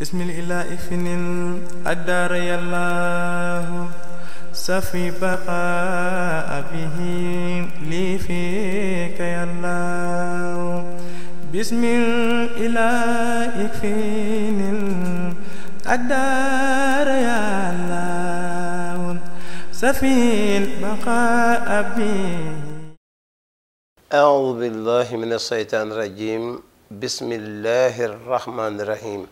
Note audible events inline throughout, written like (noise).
بسم الله فنن أدار الله سفي بقى به لي فيك يا الله بسم الله فنن أدار يا الله سفي بقى به أعوذ بالله من الشيطان الرجيم بسم الله الرحمن الرحيم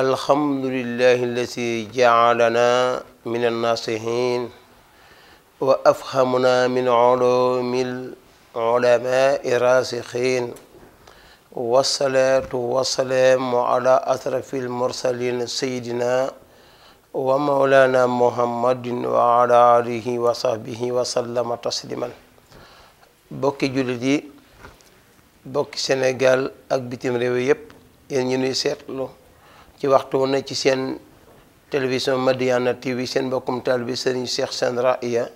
alhamdulillahi alladi jaalana min annasihin wa afhamna min ulumil ulamai rasikhin wasalaatu wasalaamu ala asrafil mursalin sayidina wa maulana muhammadin wa ala alihi wa sahbihi wa sallama tasliman bokki jullit yi bokki Sénégal ak bitim réew yépp yéen ñu nuy seetlu ci waxtu na ci sen television madiana TV seen mbokkum taalibe Serigne Cheikh iya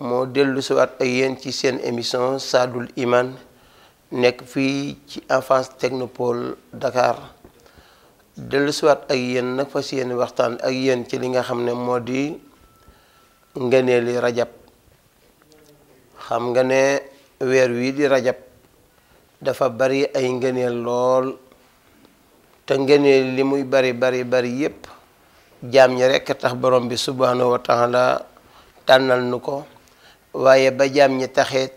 mo delu ci wat ak yeen ci sen emission sadul Iman nek fi ci enfance technopole Dakar delu siwaat ak yéen nag fas yéen waxtaan ak yeen ci li nga xamne modi ngeneeli rajab xam nga ne wer wi di rajab dafa bari ay ngeneel lol te ngëneel li muy bari bari bari yépp jaam ñi rekk tax borom bi subhanahu wa taala tànnal nu ko waaye ba jaam ñi taxeet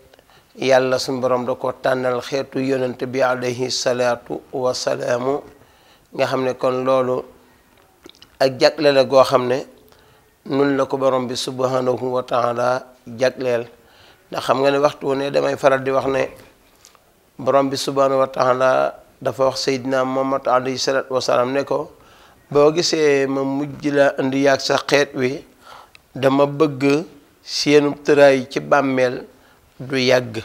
yàlla suñ borom da ko tànnal xeetu yonent bi alayhi salaatu wasalaamu nga xam ne kon loolu ak jagle la goo xam ne nun la ko borom bi subhanahu wa taala jagleel ndax xam nga ne waxtu ne damay faral di wax ne borom bi subhanahu wa dafa wax Seydina Muhammad alayhi salaatu wasalaam ne ko boo gisee ma mujj la indi yaag sa xeet wi dama bëgg seenu tëraay ci bàmmeel du yàgg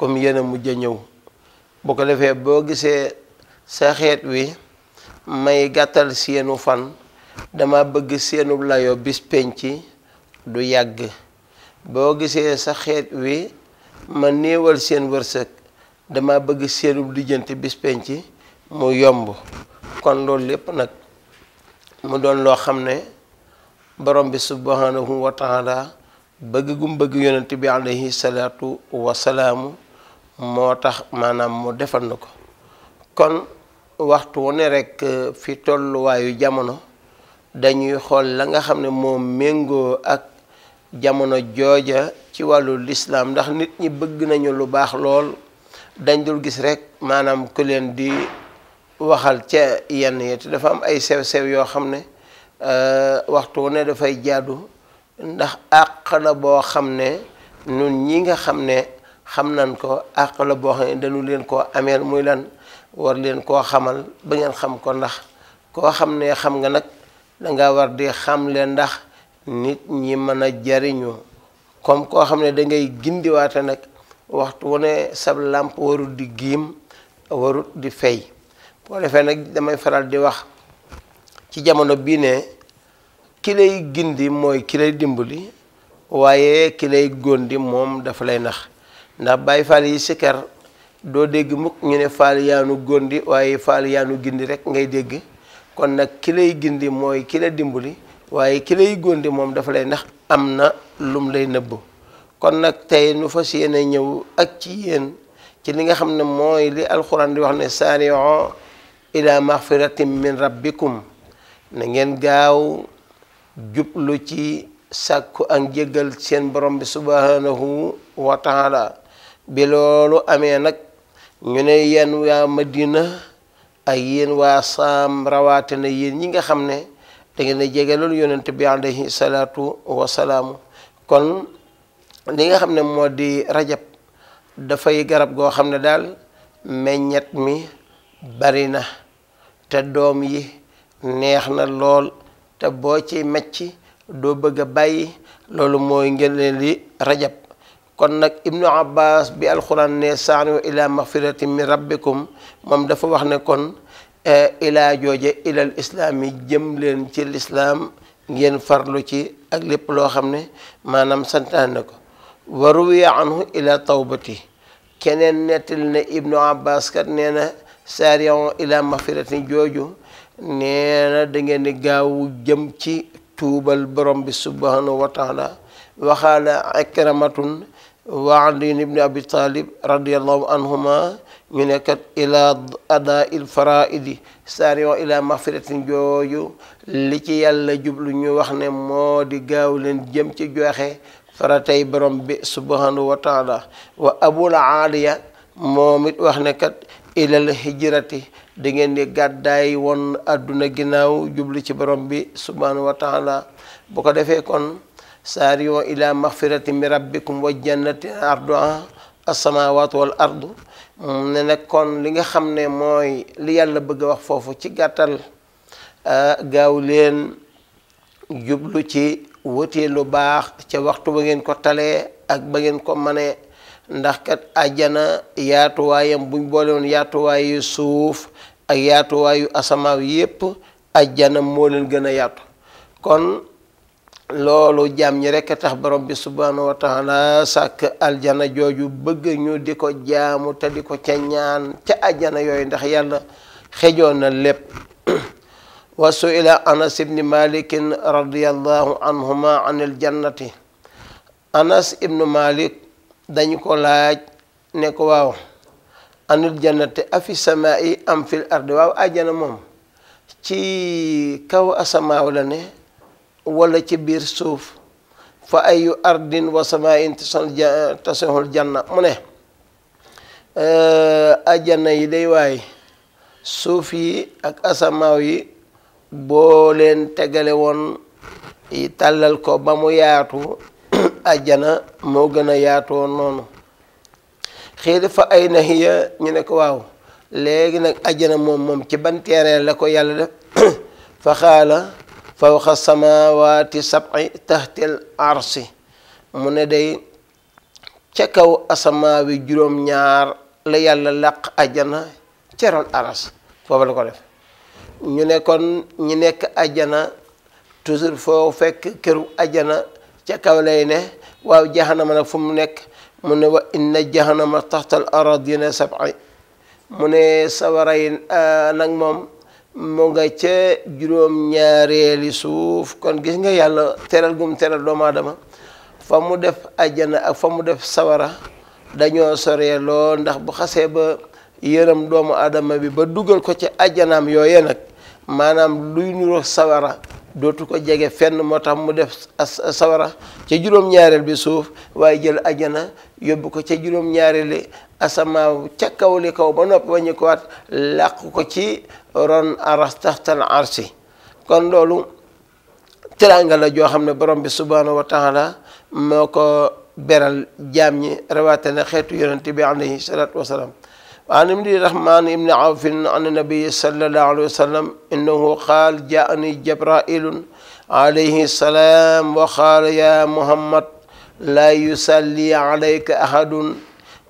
comme yéen mujj a ñëw bu ko defee boo gisee sa xeet wi may gàttal seenu fan dama bëgg seenu layo bis penc du yàgg boo gisee sa xeet wi ma néewal seen wërsëg dama bëgg seenub lijjante bis penc mu yomb kon lool lepp nak mu doon lo xam borom bi subhanahu wa taala bëgg gum bëgg yonent bi alayhi salaatu wasalaamu moo tax manam mu defal nako kon waxtu woné rek euh, fi wayu jamono dañuy xol la nga xam ne mengo ak jamono jojja ci walu l'islam ndax nit ñi bëgg nañu lu baax lool dañ dul gis rek maanaam ku leen di waxal ca yenn yi te dafa am ay sew-sew yoo xam ne euh, waxtu wu ne dafay jaadu ndax àq la boo xam ne nun ñi nga xam ne xam nan ko àq la boo xam ne dañu leen koo ameel muy lan war leen koo xamal ba ngeen xam ko ndax koo xam ne xam nga nag danga war di xam leen ndax nit ñi mën a jariñu comme koo xam ne dangay gindiwaate nag waxtu wu ne sab làmp warut di giim warut di fay boo defee nag damay faral di wax ci jamono bii ne ki lay gindi mooy ki lay dimbali waaye ki lay góndi moom dafa lay nax ndax bàyyi faal yi sikkar doo dégg mukk ñu ne faal yaanu góndi waaye faal yaanu gindi rek ngay dégg kon nag ki lay gindi mooy ki la dimbali waaye ki lay góndi moom dafa lay nax am na lum lay nëbb kon nak tay nu fasiyene ñew ak ci yeen ci li nga xamne moy li alquran di wax ne sari'u ila maghfiratin min rabbikum na ngeen gaaw jublu ci sakku ak jegal seen borom bi subhanahu wa taala bi lolu amé nak ñu ne yéen waa madina ak yéen wa saam rawaatena yeen ñi nga xamne da ngeen jegalul yonent bi alayhi wa salam kon li nga xam ne moo di rajab dafay garab goo xam ne daal meññet mi bari na te doom yi neex na lool te boo ci mecc doo bëgg bàyyi loolu mooy ngeen li rajab kon nag ibnu abbas bi alxuraan ne saanu ila maxfirati min rabbikum moom dafa wax ne kon eh, ilaa jooje ilal islaam yi jëm leen ci lislaam ngeen farlu ci ak lépp loo xam ne maanaam santaan na ko wa ruwiya anhu ila tawbati keneen nettil ne ibnu abbas kat nee na saarion ila jooju nee dangeen da di gaaw jëm ci tuubal borom bi subhanahu wa taala waxaala ikramatun wa ali ñu nekkat ila ada il faraidi saarion ila mafiratin jooju li ci yàlla jublu ñu wax ne moo di gaaw leen jëm ci joxe faratay borom bi subhanahu wa taala abul aaliya moom it wax ne kat ilal hijrati da ngeen gàddaay woon àdduna ginnaaw jublu ci borom bi subhanahu wa taala ko defee kon saariyo ila maxfirati mi rabbikum wa jannatin arduha assamawatu wal ardu ne nag li nga xam ne mooy li yàlla bëgg a wax foofu ci gàttal ah, gaaw leen jublu ci wutee lu baax ca waxtu ba ngeen ko talee ak ba ngeen ko manee ndax kat àjjana yaatuwaayam buñ boole woon yaatuwaayu suuf ak yaatuwaayu asamaaw yépp àjjana moo leen gën a yaatu kon loolu jaam ñi rekk a tax borom bi subhaanahu wa sàkk aljana jooju bëgg ñu di ko jaamu te di ko ca ñaan ca àjjana yooyu ndax yàlla xejoon na lépp wa suila anas ibni malikin radiallahu anhuma an il jannati anas ibnu malik dañu ko laaj ne ko waaw anil jannati afi sama am fil ardi waaw àjjana moom ci kaw asamaaw la ne wala ci biir suuf fa ayu ardin wa samain tasihul janna mu ne àjjana yi day waay suuf yi ak asamaaw yi boo leen tegale woon tàllal ko ba mu yaatu ajjana (clears throat) moo gën a yaatoo noonu xiir fa ay na ñu ne ko waaw léegi nag ajjana moom moom ci ban la ko yàlla def (clears throat) fa xaala waati samawaati sab'i tahtil arsi mu ne dey ca kaw asamaa wi juróom-ñaar la yàlla làq ajjana ceroon aras foofu la ko def ñu ne kon ñu nekk ajjana toujours foo fekk këru ajjana ca kaw lay ne waaw jahanama nag fu mu nekk mu ne wa inna jahanama taxtal aradina sab'i mu ne sawara yi euh, nag moom mu nga ca juróom-ñaareeli suuf kon gis nga yàlla teral gum teral doomu aadama fa mu def ajjana ak fa mu def sawara dañoo sore lool ndax bu xasee ba yërëm doomu aadama bi ba dugal ko ci ajjanaam yooye nag maanaam luy nuroo sawara dootu ko jege fenn moo tax mu def sawara ca juróom-ñaareel bi suuf waaye jël ajana yóbbu ko ca juróom-ñaareeli asamaaw ca kaw li kaw ba noppi wañu ko waat làq ko ci ron aras taxtal arsi kon loolu teraanga la joo xam ne borom bi subhaanahu wa taala moo ko beral jaam ñi rawaate na xeetu yonente bi alayhi salaatu wasalaam وعن ابن الرحمن بن عوف عن النبي صلى الله عليه وسلم انه قال جاءني جبرائيل عليه السلام وقال يا محمد لا يصلي عليك احد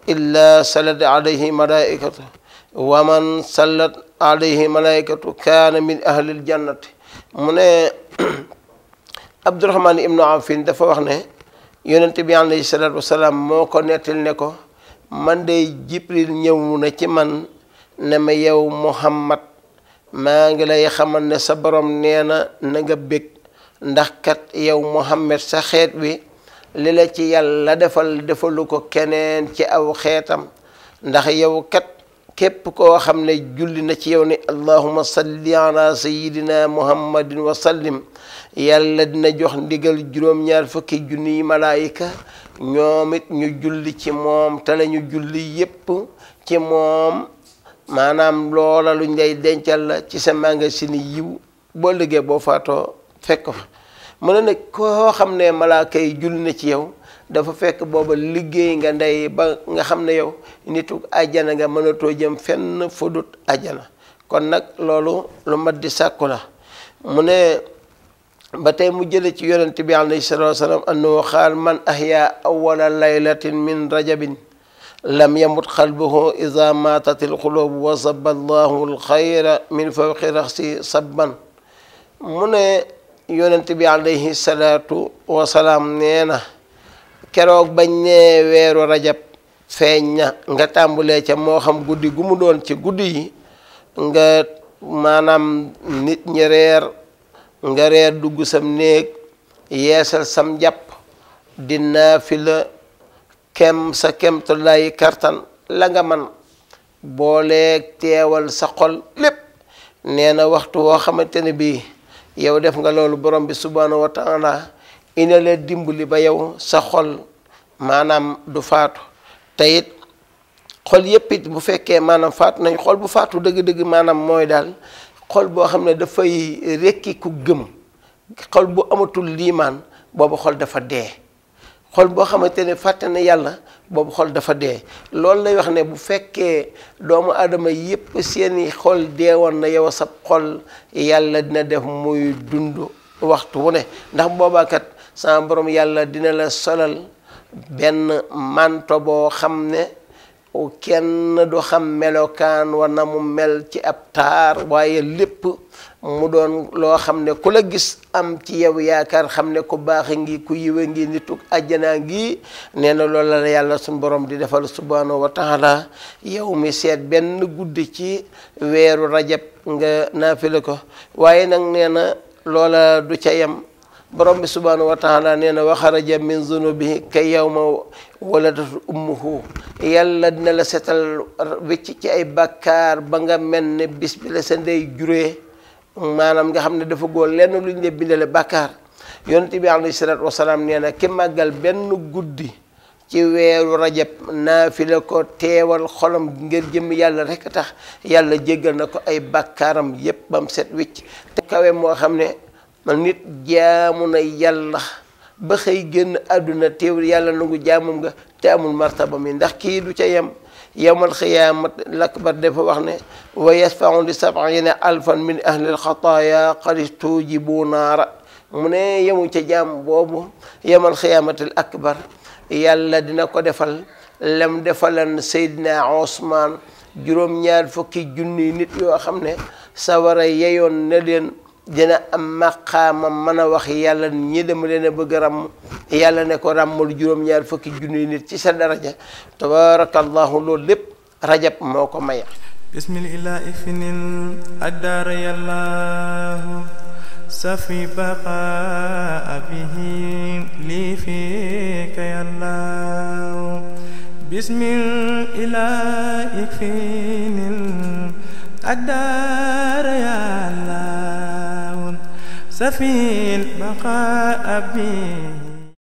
الا صلت عليه ملائكته ومن صلت عليه ملائكته كان من اهل الجنه من عبد الرحمن بن عوف dafa wax ne yonent bi alayhi salaatu wasalaam moo ko nettal man de jibril ñëw na ci man ne ma yow muhammad maa ngi lay xamal ne sa borom nee na nga bég ndax kat yow muhammad sa xeet wi li la ci yàlla defal defalu ko keneen ci aw xeetam ndax yow kat képp koo xam ne julli na ci yow ni allahuma salli ala sayidina muhammadin wa sallim yàlla dina jox ndigal juróom-ñaar fukki junniy malaayika ñoom it ñu julli ci moom te la ñu julli yépp ci moom maanaam loola lu ndey dencal la ci sa magasin yiw boo liggéey boo faatoo fekk fa mu ne nag koo xam ne malaaka yi julli na ci yow dafa fekk booba liggéey nga ndey ba nga xam ne yow nitu ajjana nga mënatoo jëm fenn fudut ajjana kon nag loolu lu mat di sàkku la mu ne ba tey mu jële ci yonent bi alayhi salatu wasalam annahu xaal man ahya awala laylatin min rajabin lam yamut xalbuhu ida maatat alxulub wa saba allahu alxayra min fawqi raxsi sabban mu ne yonent bi alayhi salatu wasalaam nee na keroog bañ nee weeru rajab feeñ na nga tàmbulee ca moo xam guddi gu mu doon ci guddi yi nga maanaam nit ñi reer nga reer dugg sam néeg yeesal sam jàpp di naafila kem sa lay kartan la nga man booleeg teewal sa xol lépp nee na waxtu woo xamante ne bii yow def nga loolu borom bi subhanahu wa taala ina la dimbali ba yow sa xol maanaam du faatu te it xol yépp bu fekkee maanaam faatu nañ xol bu faatu dëgg-dëgg maanaam mooy daal xol boo xam ne dafay rekki ku gëm xol bu amatul liimaan boobu xol dafa dee xol boo xamante ne fàtte na yàlla boobu xol dafa dee loolu lay wax ne bu fekkee doomu aadama yépp seeni xol deewoon na yow a sab xol yàlla dina def muy dund waxtu wu ne ndax kat sama borom yàlla dina la solal benn manto boo xam ne kenn du xam melokaan wa na mu mel ci ab taar waaye lépp mu doon loo xam ne ku la gis am ci yow yaakaar xam ne ku baax ngi ku yiwe ngi nituk àjjanaa ngi nee na loolu la yàlla suñ borom di defal subhanahu wa taala yow mi seet benn guddi ci weeru rajab nga naafile ko waaye nag nee na loola du ca yem borom bi subhaanahu wa taala nee na wa xaraja min zunubihi kay yawma waladat ummuhu yàlla dina la setal wécc ci ay bàkkaar ba nga mel ne bis bi la sa ndey juree maanaam nga xam ne dafa góor lenn lu ñu ne bindale bàkkaar yonent bi alayhi salaatu wasalaam nee na ki màggal benn guddi ci weeru rajab naa fi la ko teewal xolam ngir jëm yàlla rek tax yàlla jéggal na ko ay bàkkaaram yépp bam set wécc te kawe moo xam ne man nit jaamu na yàlla ba xëy génn aduna teewul yàlla nangu jaamum nga te amul martaba mi ndax ki du ca yam yowmal khiyamat lakbar defa wax ne wa yasfa'u li sab'ina alfan min ahli alkhataya qad istujibu naara mune yamu ca jaam bobu yowmal khiyamat alakbar yàlla dina ko defal lam defalan sayyidina usman juróom-ñaar fukki junni nit yo xamne sawara yeyon ne len dina am maqaamam mën a wax yàlla ñi dem leen a bëgg ràmm yàlla ne ko ràmmal juróom-ñaar fukki junniy nit ci sa daraja tabarakallahu loolu lépp rajab moo ko maye bismillah ifnil addaara yàllaahu safi baqa bihi lii fika yàllaahu bismillah ifnil addaara yàllaahu سفين بقاء أبيه